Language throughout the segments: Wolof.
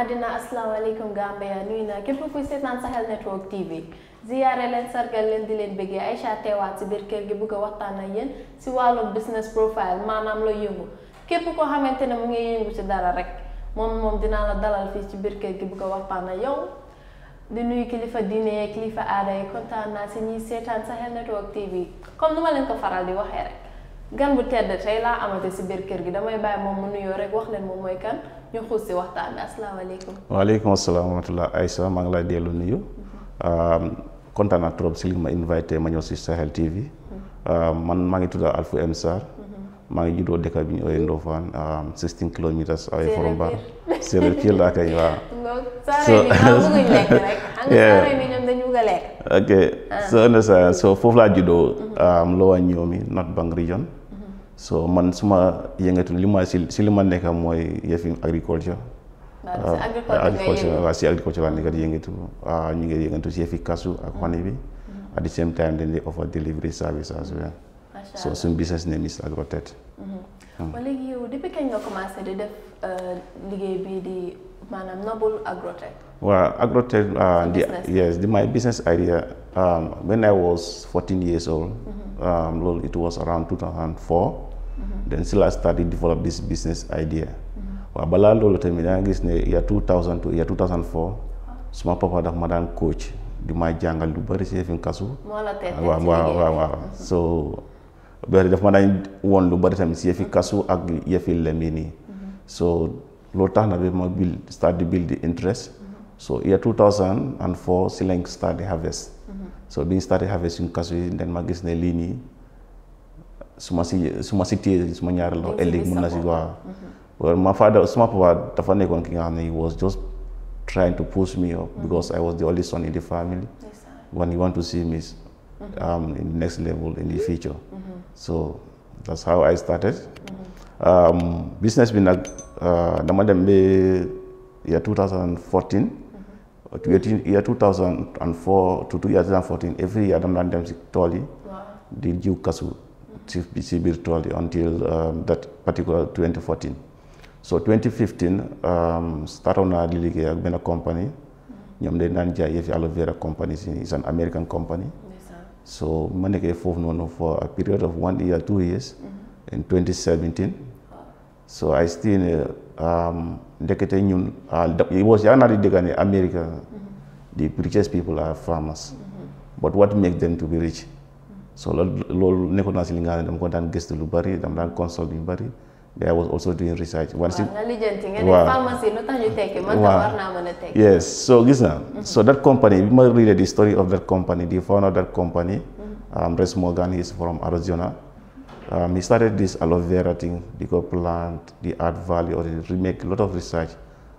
àddina asalaamaaleykum Gambia nuyu naa képp kuy seetaan Sahel Network TV ziyaare leen sargal leen di leen bëggee Aïcha teewaat ci biir kër gi bëgg a waxtaan ak yéen si wàllum business profile maanaam looy yëngu képp koo xamante ne mu ngi yëngu si dara rek moom moom dinaa la dalal fii ci biir kër gi bëgg a waxtaan ak yow di nuyu kilifa diine kilifa aada yi kontaan naa si ñiy seetaan Sahel Network TV comme ni ma leen ko faral di waxee rek. gan bu tedd tey laa amate si biir kër gi damay bàyyi moom mu nuyoo rek wax leen moom mooy kan ñu xuus si waxtaan bi asalaamaaleykum. waaleykum salaam wa rahmatulah Aïssa maa ngi lay dellu nuyu. Mhm. Euh, kontaan naa trop mhm. euh, man maa ngi tudd Alfu M Sarr. Mhm. maa ngi juddoo dëkk bi ñu ooyee Ndofane 16 euh, kilomètres ay laa koy waaw. foofu laa juddoo. Um, Lower Niomi North Bank Region. so man suma yëngatu li ma si li ma nekk mooy yëfi agriculture. Ah, agriculture waaw si agriculture laa nekk yëngatu ah, ñu ngi yëngatu si yëfi kasu ak honey mm-hmm. bi. Mm-hmm. at the same time dañ lay offer delivery service as well. so suñu business name is Agrotech. Mm-hmm. Ah. ba léegi di def business idea um, when I was 14 years old. Um, loolu it was around then still I started develop this business idea mm-hmm. waaw balaa loolu tamit yaa gis ne ya 2000 to ya 2004 suma papa daf ma daan coach di ma jàngal lu bëri si yëfin kasu waaw waaw waaw waaw so ma lu bëri mm-hmm. nii mm-hmm. so loolu tax na bi ma build start di build interest so ya 2004 si lañ start di harvest so bi start di harvest suñ kasu yi den ma gis ne lii nii su ma si suma ma si téye su ma ñaari loxo ëllëg mun na si waaw well my father suma papa dafa nekkoon ki nga xam ne he was just trying to push me up mm-hmm. because I was the only son in the family when he want to see me mm-hmm. um, in the next level in the mm-hmm. future so that's how I started um, business bi nag uh, dama dem ba year 2014 uh, year 2004 to dama dem si tool yi di jiw kasu Chief BC Birtual until um, that particular 2014. so 2015 um, startoon naa di liggéey ak company ñoom dañ daan jaay yëfi aloe vera company si is an American company so ma nekkee foofu noonu for a period of one year two years mm-hmm. in 2017 so I still um, ndekete ñun ah, it was yaa naa di dégga ne mm-hmm. the richest people are farmers mm-hmm. but what makes them to be rich So loolu nekkoon naa si li nga ne dama ko daan gëstu lu bari dam daan consult yu bari I was also a tekki. yes so gis naa. Mhm. so that company bi ma read the story of that company the founder of that company. Mhm. Um, Rex Morgan from Arizona. Um, he started this aloe vera di ko plant di add value or di make a lot of research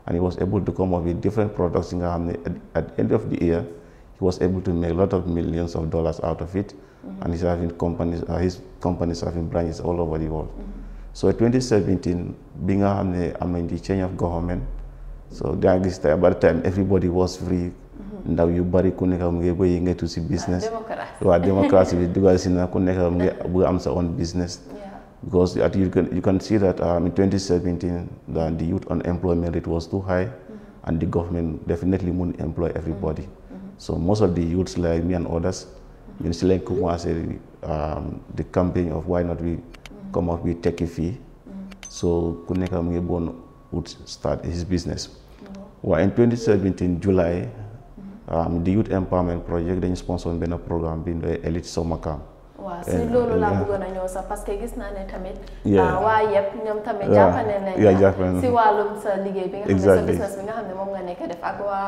and he was able to come up with different products nga xam ne at the end of the year he was able to make a lot of millions of dollars out of it. and he's having companies uh, his companies having branches all over the world. Mm-hmm. so bi nga xam ne am nañ di change of government so da nga gis tey by time everybody was free. Mm-hmm. ndaw yu bari ku nekk mu ngi bëgg yëngatu si business. Ah, waa démocratie bi dugal si na ku nekk mu ngi bëgg am sa own business. because at you can you can see that um, in 2017 that the youth unemployment rate was too high, mm -hmm. and the government definitely won't employ everybody. Mm-hmm. So most of the youths like me and others, ñun si lañ commencé um, di campaign of why not we come out we tekki fii so ku nekk mu ngi bon would start his business waaye in July di um, youth empowerment project dañu sponsor benn programme bi ndoy elite summer camp waaw si loolu laa bëggoon a ñëw sax parce gis naa ne tamit. Uh, waa yëpp ñoom tamit jàppale nañ la si wàllum sa liggéey bi nga xam ne sa business bi nga xam ne moom nga nekk def ak waa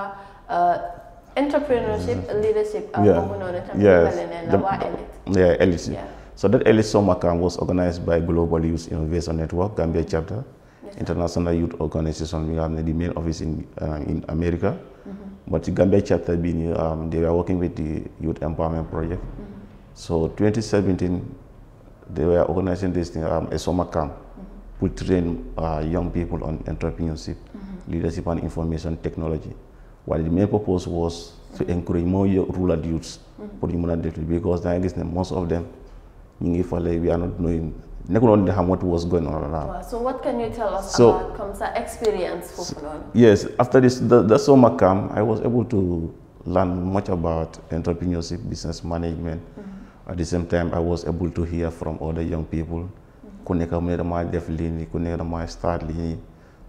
uh, entrepreneurship, leadership, uh, and uh, yeah. yes. and the, the, yeah, Yeah. So that elite summer camp was organized by Global Youth Innovation Network, Gambia chapter, yes. international youth organization. We have the main office in uh, in America, mm -hmm. but the Gambia chapter being um, they were working with the youth empowerment project. Mm -hmm. So 2017, they were organizing this um, a summer camp mm-hmm. to train uh, young people on entrepreneurship, mm-hmm. leadership, and information technology. While the main purpose was to encourage more rural youths pour ñu a because da most of them we are not knowing nekkul woon what was going on around. so what can you tell us about comme experience yes after this the the summer camp I was able to learn much about entrepreneurship business management. Mm-hmm. at the same time I was able to hear from other young people. Mm-hmm.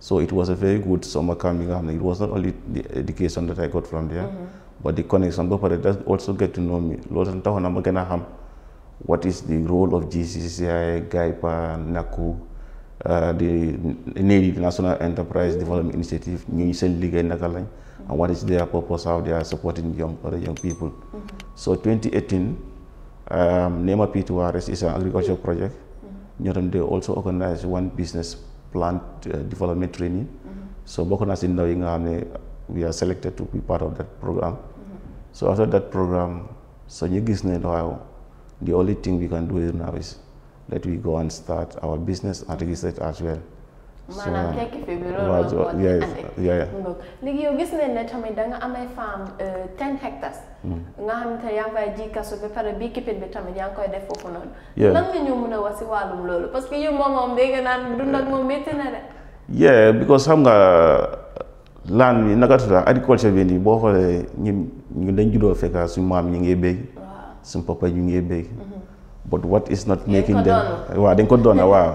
So it was a very good summer coming up. It was not only the education that I got from there, mm -hmm. but the connection. But they also get to know me. What is the role of GCCI, GAIPA, NACU, uh, the NEDI, National Enterprise Development Initiative, and what is their purpose, how they are supporting young, other young people. Mm -hmm. So 2018, um, NEMA P2RS is an agricultural project. Mm -hmm. They also organized one business plant uh, development training. Mm-hmm. so bokk naa si ndaw yi nga xam ne we are selected to be part of that program. so after that program so ñu gis ne waaw the only thing we can do now is that we go and start our business and register as well. maanaam tekki fi bi gis nañ ne tamit da nga am eh, ten hectares. Mm. nga xam te yaa ngi fay kasu bi pare bii kipit bi tamit yaa koy def foofu noonu. lan nga ñu mën a wax si wàllum loolu parce que yow moom moom dégg naan dund moom métti na de. yeah because xam nga laan bi naka tudd agriculture bi nii boo xoolee ñun ñu dañ juddoo fekk suñu maam ñu ngi béy. waaw suñu ñu ngi béy. Mm-hmm. but what is not making them waaw dañ ko doon waaw.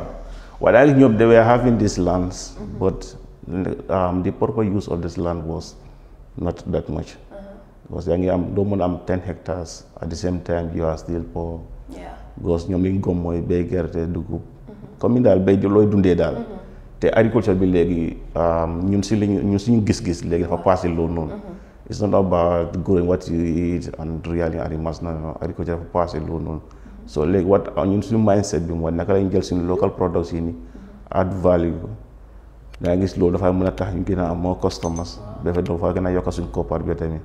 While Nyub, they were having these lands, mm -hmm. but um, the proper use of this land was not that much. Uh -huh. Because you am don't am 10 hectares at the same time you are still poor. Because ñom liñ gom mooy bay gerte dugub. Mm-hmm. Comme daal bay looy dundee daal mm-hmm. te agriculture bi léegi um ñun ci ñu ñun suñu gis gis léegi dafa passé lo non. Mm-hmm. It's not about growing what you eat and really animals no, no. agriculture dafa passé lo noonu so léegi wat ñun suñu mindset bi mooy naka lañ jël suñu local products yi ni add value da nga gis loolu dafay mën a tax ñu gën a am moo customers dafa dafa gën a yokk suñu koppar bi tamit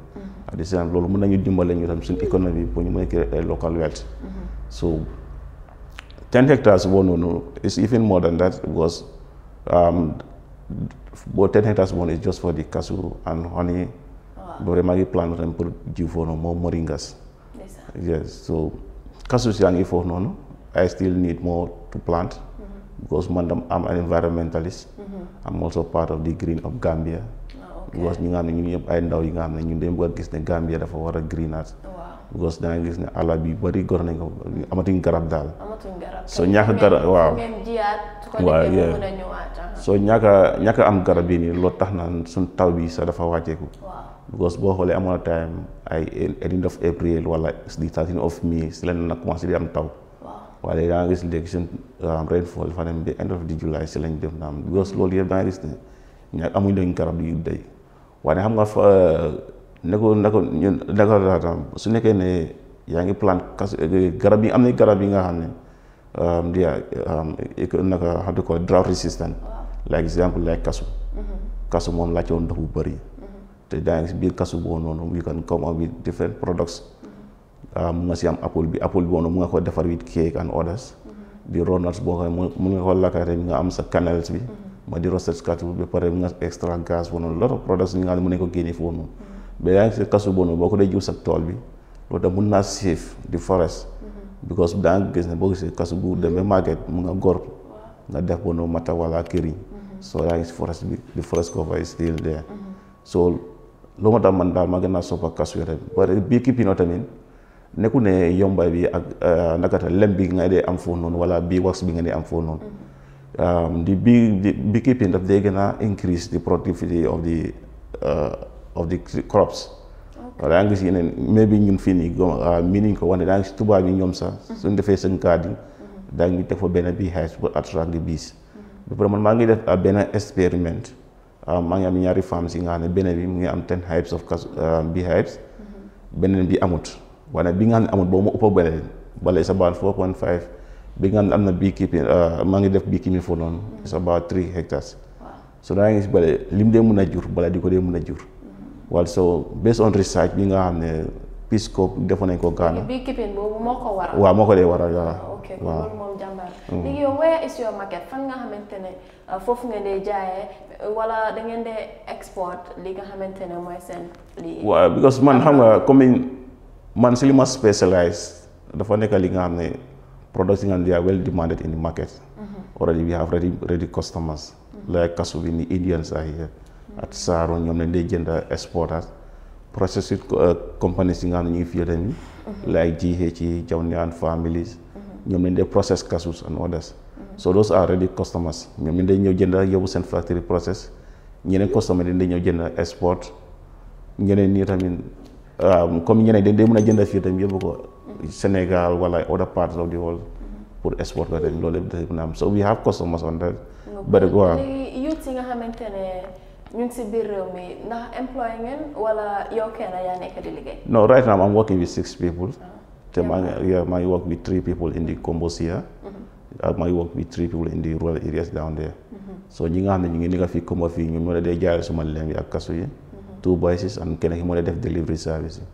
ak di seen loolu mën nañu dimbale ñu tam suñu économie pour ñu mën a créer ay local wealth mm-hmm. so ten hectares boo noonu is even more than that um, boo ten hectares boo noonu is just for the cashew and honey boobu maa ngi plan tam pour jiw foofu moo moringas casus yaa ngi foofu noonu I still need more to plant mm-hmm. because man dam am an environmentalist am mm-hmm. also part of the green of Gambia ah, because ñu nga xam ne ñun ñëpp ay ndaw yi nga xam ne ñun dañu gis ne Gambia dafa war a greenaat because da nga gis ne àll bi bëri gor nañ ko amatuñ garab daal soo ñàkk garab waaw waaw ah. soo ñàkk a ñàkk am garab yi nii loo tax na suñ taw bi sax dafa wàcceeku because boo xoolee amoon na time ay end of April wala di starting of May si lañ la commencé di am taw. waaye léegi da nga gis léegi seen um, rainfall dafa dem ba di July si lañ dem naam because loolu yëpp da nga gis ne ña amuñ lañ garab yu day waaye xam nga fa uh, nekkul nekkul ñun su nekkee ne yaa ngi plant kas garab yi am na garab yi nga xam ne um, di um, naka xam ko drought resistant like exemple like kasu mm-hmm. kasu moom laajte woon ndox bu bëri. te gaa ngi si biir kasu boobu noonu you can come up with different products mun um, nga si am apple bi apple bi woonu mun nga ko defar with cake and others di ronals boo xam ne mun nga ko lakka nga am sa canals bi ma di roset katu ba pare nga extra gaz boobu noonu lot of products yi nga xam ne mun ko génne foofu noonu ba yaa ngi si kasu noonu boo ko dee jiw sa tool bi loolu tam mun naa save di forest because daa nga gis ne boo gisee kasu bu demee market mun nga gor nga def boobu noonu mata wala so yaa ngi si forest bi di forest cover is still there so lu ma daal man daal maa gën naa sopp ak kasu yote bi bii tamit nekku ne yomba bi ak euh, nakata lem bi nga dee am foofu noonu wala bii wax bi nga dee am foofu noonu mm-hmm. um, di bi bii keeping daf dee gën a increase the productivity of the uh, of the crops wala yaa ngi si yeneen mais bi ñun fii nii uh, miiniñ ko wante daa ngi si tubaab yi ñoom sax mm-hmm. suñ defee seen kaadi mm-hmm. daa ngi def fa benn bii hive pour attract the bees ba man maa ngi def uh, benn experiment Ah, maa ngi am ñaari femmes yi nga xam ne beneen bi mu ngi am ten hypes of cas ah, bi mm-hmm. bi amut waaye bi nga xam ne amut boobu moo ëpp a bële bële is about 4.5 bi nga xam ne am na bii kii bi maa ngi def bii kii mi foofu noonu mm-hmm. is about 3 hectares so da nga gis bële lim dee mun a jur bële di ko dee mun a jur. Mm-hmm. wala so based on research bi nga xam ne. Pisco defoon nañ ko gana bi kipin boobu moo ko waral. wa moo ko waral waaw. Ya. Ah, ok loolu mom jambar léegi mm. yow where is your market fan nga xamantene ah, fofu nga lay jaayee wala da ngeen dee export li nga xamantene moy sen li wa because man xam nga comme man si li ma specialize dafa nekk li nga xam products nga xam well demanded in the market. Mhm. already we have ready ready customers. Mhm. like kasubini Indians are here. Mhm. at Saro ñom lañ lay jënd exporters. processus euh, compagnie si nga xam ne ñu ngi fii ren like GHE, Jamnian Families mhm. ñoom lañ de process cashews and others mhm. so those are ready customers ñoom ñu dañ ñëw jënd yóbbu seen factory process ñeneen customer dañ ñëw jënd export ñeneen ñi tamit comme ñeneen dañ dee mën a jënd fii tamit yóbbu ko mhm. Sénégal wala other parts of the world pour export ko tamit loolu yëpp dafa mën a am so we have customers on that. bëri waaw. ñu si biir réew mi ndax employé ngeen no right now I'm working with six people. Ah, te maa ngi maa ngi work with three people in the Combos here. Mhm. Uh, maa ngi work with three people in the rural areas down there. Mhm. so ñi nga xam ne ñu ngi nekk fii Kombo fii ñoom ñoo la dee jaayal suma leen bi ak kasu yi. Mhm. two boys and keneen ki moo dee def delivery service yi. Ah,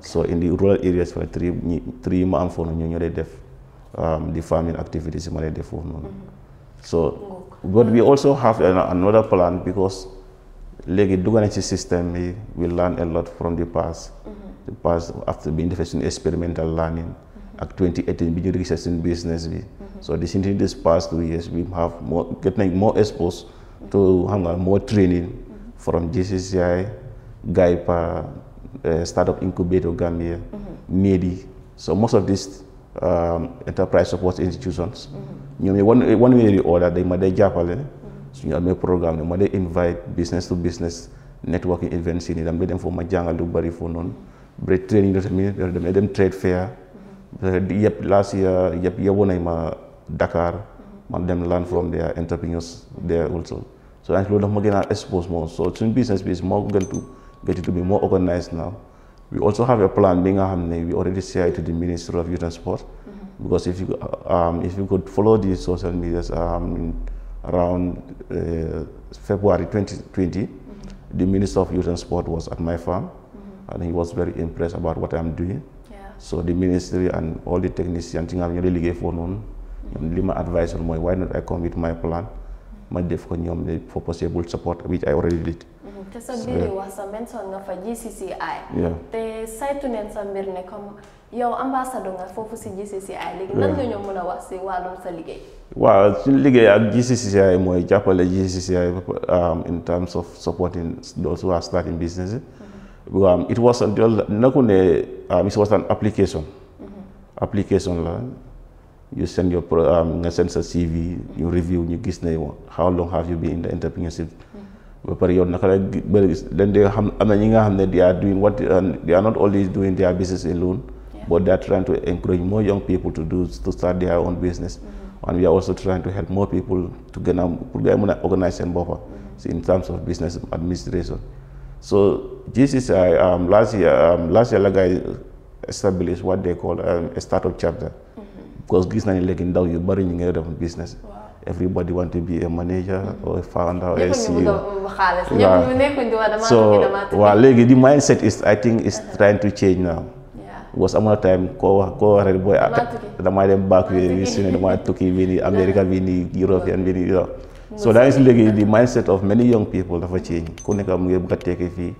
so in the rural areas fii three ñi ma am foofu ñoo ñoo dee def di um, farming activities yi ma dee def foofu so but we also have léegi dugg nañ ci système yi we learn a lot from the past. the past after bi ñu experimental learning. ak bi ñu research suñu business bi. so this in this past two years we have more get nañ more exposed to xam nga more training. from GCCI GAIPA eh, startup incubator Gambia. MEDI so most of these um, enterprise support institutions. Mm-hmm. ñoom it one one way or the other ma day jàppale. su ñu amee programme ne ma dee invite business to business networking events yi nii dama dem foofu ma jàngal lu bari foofu noonu ba training yi tamit dem trade fair yëpp last year yëpp yóbbu nañ ma Dakar ma dem learn from their entrepreneurs there so daanaka loolu dafa ma gën a expose moom so bi moo gën tu get to bi nga xam ne we already share it to the Ministry of Youth and Sport mm-hmm. because um, if you could follow the social medias um, around eh, February 2020, the Minister of Youth and Sport was at my farm mm-hmm. and he was very impressed about what I'm doing. So the ministry and all the technicians yi nga xam ne ñoo liggéey foofu noonu. li ma advice woon mooy why not I come with my plan. ma mm-hmm. def ko ñoom ne for possible support which I already did. Mm-hmm. te sa biir wax sa mention nga fa GCCI. te saytu neen sa mbir ne comme yow ambassadeur nga foofu si GCCI léegi nan nga ñoo mën a wax si wàllum sa liggéey. waaw suñu liggéey ak GCCI mooy jàppale GCCI um, in terms of supporting those who are starting businesses. Mm-hmm. Um, it was nakune um, it was an application. Mm -hmm. gis ne how long have you in the entrepreneurship mm-hmm. ba pare yow naka la bëri then they xam am na ñi nga xam ne they are doing what uh, they are not only doing their business alone. But they're trying to encourage more young people to do to start their own business. Mm -hmm. And we are also trying to help more people to get organized and buffer mm-hmm. in terms of business administration. So this is uh, um, last year. Um, last year, like I established what they call um, a startup chapter mm-hmm. because this is like in down you burying out of business. Wow. Everybody want to be a manager mm -hmm. or a founder or a CEO. So, well, the mindset is I think is uh-huh. trying to change now. because amoon na time koo wax koo wax rek booy ah, damaa dem baak bi su ne damay tukki bii nii America bii nii European bii nii yow so daa ngi si léegi the mindset of many young people dafa change ku nekk mu ngi bëgg a tekki fii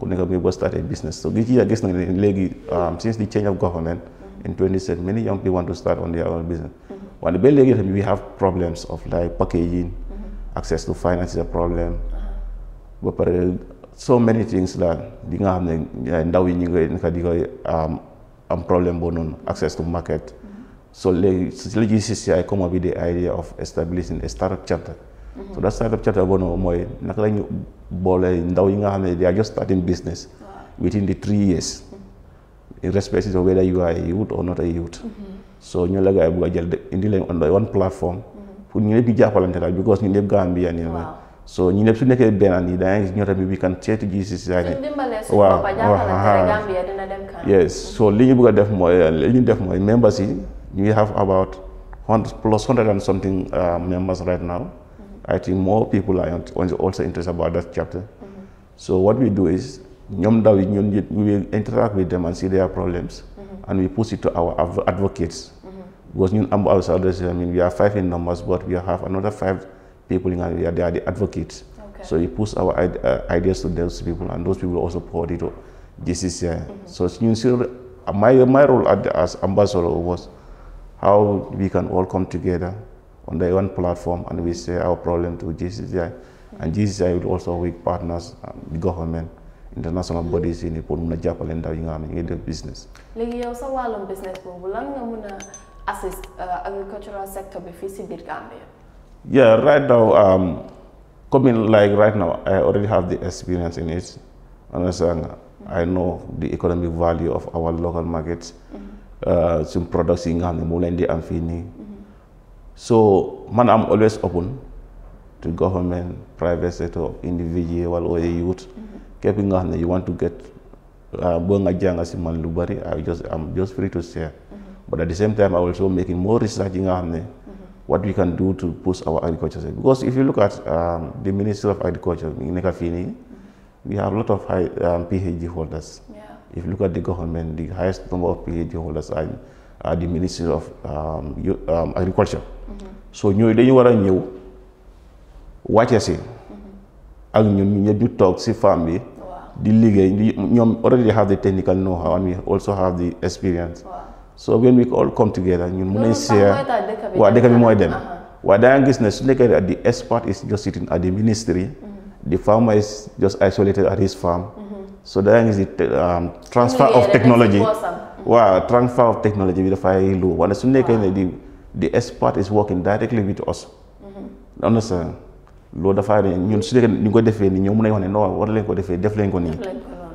ku nekk mu ngi bëgg a start a business so gis nga gis nañ léegi um, since the change of government in 2017 many young people want to start on their own business mm-hmm. wante ba léegi tamit we have problems of like packaging mm-hmm. access to uh-huh. ba pare so many things di nga xam ne ndaw yi ñu ngi koy di um, am problem boo noonu access to market so léegi léegi ay come up with the idea of establishing a startup charter so that startup charter boo noonu mooy naka lañu ñu boole ndaw yi nga xam ne they are just starting business within the three years irrespective of whether you are a youth or not a youth mm-hmm. so ñu la gaa yi bugg jël indi leen on one platform mm-hmm. pour ñu ñëpp di jàppalante daal because ñu ñëpp Gambia nii la so ñu ne su nekkee benn nii dangay gis ñoo tamit we can try to Jesus si saani yes so li ñu bëgg a def mooy eh, li ñu def mooy members yi ñu have about plus hundred and something uh, members right now mm-hmm. I think more people are also interested about that chapter mm-hmm. so what we do is ñoom ndaw ñun we interact with them and see their problems mm-hmm. and we push it to our advocates because ñun am ourselves I mean we are five in numbers but we have another five people in Ghana, they are the advocates. Okay. So we push our uh, ideas to those people, and those people also poured it this is mm -hmm. so you see my my role the, as ambassador was how we can all come together on the one platform and we say our problem to GCCI mm -hmm. and GCCI will also work partners um, the government international mm-hmm. bodies in the pour mun a jàppale in business. léegi yow sa wàllum business boobu lan assist uh, agricultural sector bi fii si biir Gambia. Yeah, right now, um, coming like right now, I already have the experience in it. Understand? Mm -hmm. I know the economic value of our local markets. Mm-hmm. Uh, some products in Ghana, Mulendi and Fini. Mm-hmm. So, man, I'm always open to government, private sector, individual, or youth. Mm-hmm. Keeping Ghana, you want to get uh, Bonga I just, I'm just free to share. Mm -hmm. But at the same time, I am also making more research in Ghana what we can do to boost our agriculture sector. Because if you look at um, the Ministry of Agriculture in Nekafini, we have a lot of high, um, PhD holders. Yeah. If you look at the government, the highest number of PhD holders are, are the Ministry of um, um Agriculture. Mm -hmm. So you dañu war a ñëw wàcce si mm-hmm. ak ñun ñëpp ñu toog si farm bi di already have the technical know how and we also have the experience. Wow. so when we all come together ñun mën nañ share waa dëkk bi mooy dem waaye da gis ne su nekkee at the expert is just sitting at the ministry mm-hmm. the farmer is just isolated at his farm mm-hmm. so da nga gis the um, transfer of technology mm-hmm. waaw transfer of technology bi dafay lu wala su nekkee ne di the expert is working directly with us understand loolu dafay ne ñun su nekkee ñu ko defee nii ñoom mu nañ wax ne non war leen ko defee def leen ko nii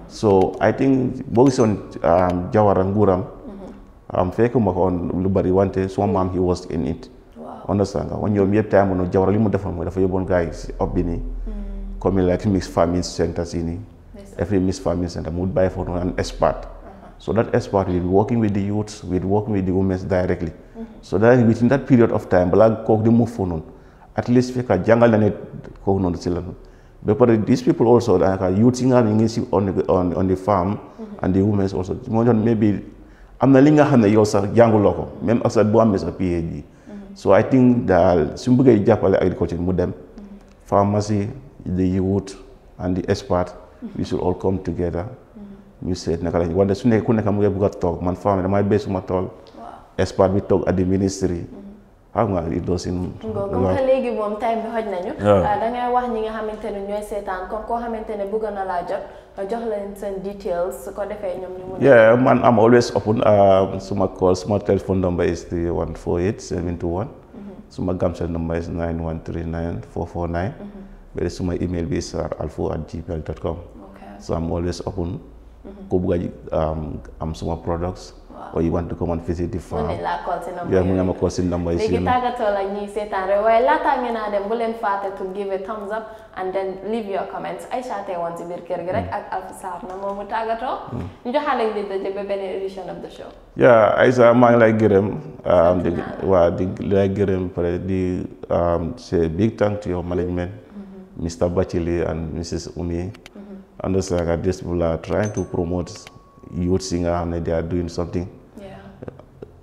so I think boo gisoon um, jawara nguuram am fekkuma ko on lu bari wante suma maam he was in it understand nga ñoom yëpp time moom jawara li mu defoon mooy dafa yóbboon nii hmm. comme like mixed farming centers yi nii every mixed farming center mu bàyyi foofu noonu an expert uh-huh. so that expert will working with the youths will working with the women directly mm-hmm. so that within that period of time balaa kooku di move foofu noonu at least fekka jàngal na ne kooku noonu si la noonu ba pare these people also daanaka youths yi nga xam ne ngi si on on the mm-hmm. am na li nga xam ne yow sax jànguloo ko même ak sax boo amee sa PhD so I think daal su mu bëggee jàppale agriculture mu dem mm-hmm. pharmacie the youth and the expert mm-hmm. we should all come together mm-hmm. ñu seet naka lañ wante su nekk ku nekk mu ngi bugg toog man farmer damay béy suma tool expert bi toog at the ministry xam nga léegi moom time bi xoj nañu. Ah, da ngay wax ñi nga xamante ne ñooy seetaan kon koo xamante ne bëgg na laa jot jox leen seen details su ko defee ñoom ñu mun a. man am always open um, suma call suma téléphone number is 314 721. Mm-hmm. suma Gamcel number is 9139 449. ba suma email bi is alfo at gmail dot com. so always open. Mm-hmm. ku bëgg um, am suma products. or you want to come and visit the mu ne ma call si number yi si léegi tàggatoo la seetaan rek waaye laata ngeen a dem bu leen fàtte to give a thumbs up and then leave your comments biir kër gi rek ak Alpha Sarr mu tàggatoo. ñu joxaale di daje ba beneen of the show. yaa Aisha maa ngi lay gërëm. di waa di lay gërëm pare di say big thank to your management. Mr. Mm-hmm. Bachili and Mrs. Umi. Understand that this people are trying to promote youths yi nga xam ne they are doing something.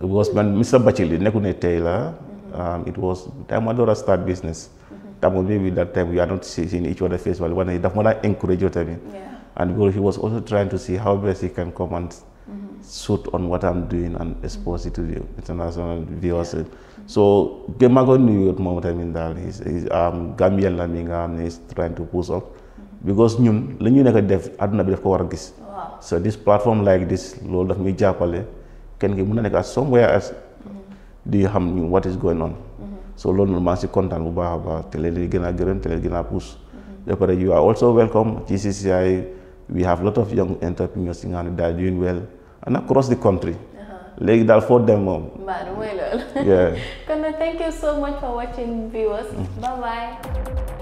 it was man Mr. nekku ne tey la. Mm-hmm. Um, it was time ma door a start business. Mm-hmm. tamul maybe that time we are not seeing each other face value waaye daf ma daan encourage yoo tamit. and because he was also trying to see how best he can come mm-hmm. suit on what I'm doing and expose it to the international viewers. so maa um, ngi mi nga xam ne he's trying to push up. because ñun lañu nekk def aduna bi daf ko war a gis so this platform like this loolu daf muy jàppale kenn ki mun na nekk at somewhere as mm-hmm. di xam ñu what is going on mm-hmm. so loolu noonu maa si kontaan bu baax a baax te leen gën a gërëm te leen gën a pousse mm-hmm. pare you are also welcome ci we have lot of young entrepreneurs yi nga xam doing well and across the country uh-huh. léegi daal for them, moom mbaa mooy yeah kon thank you so much for watching viewers bye bye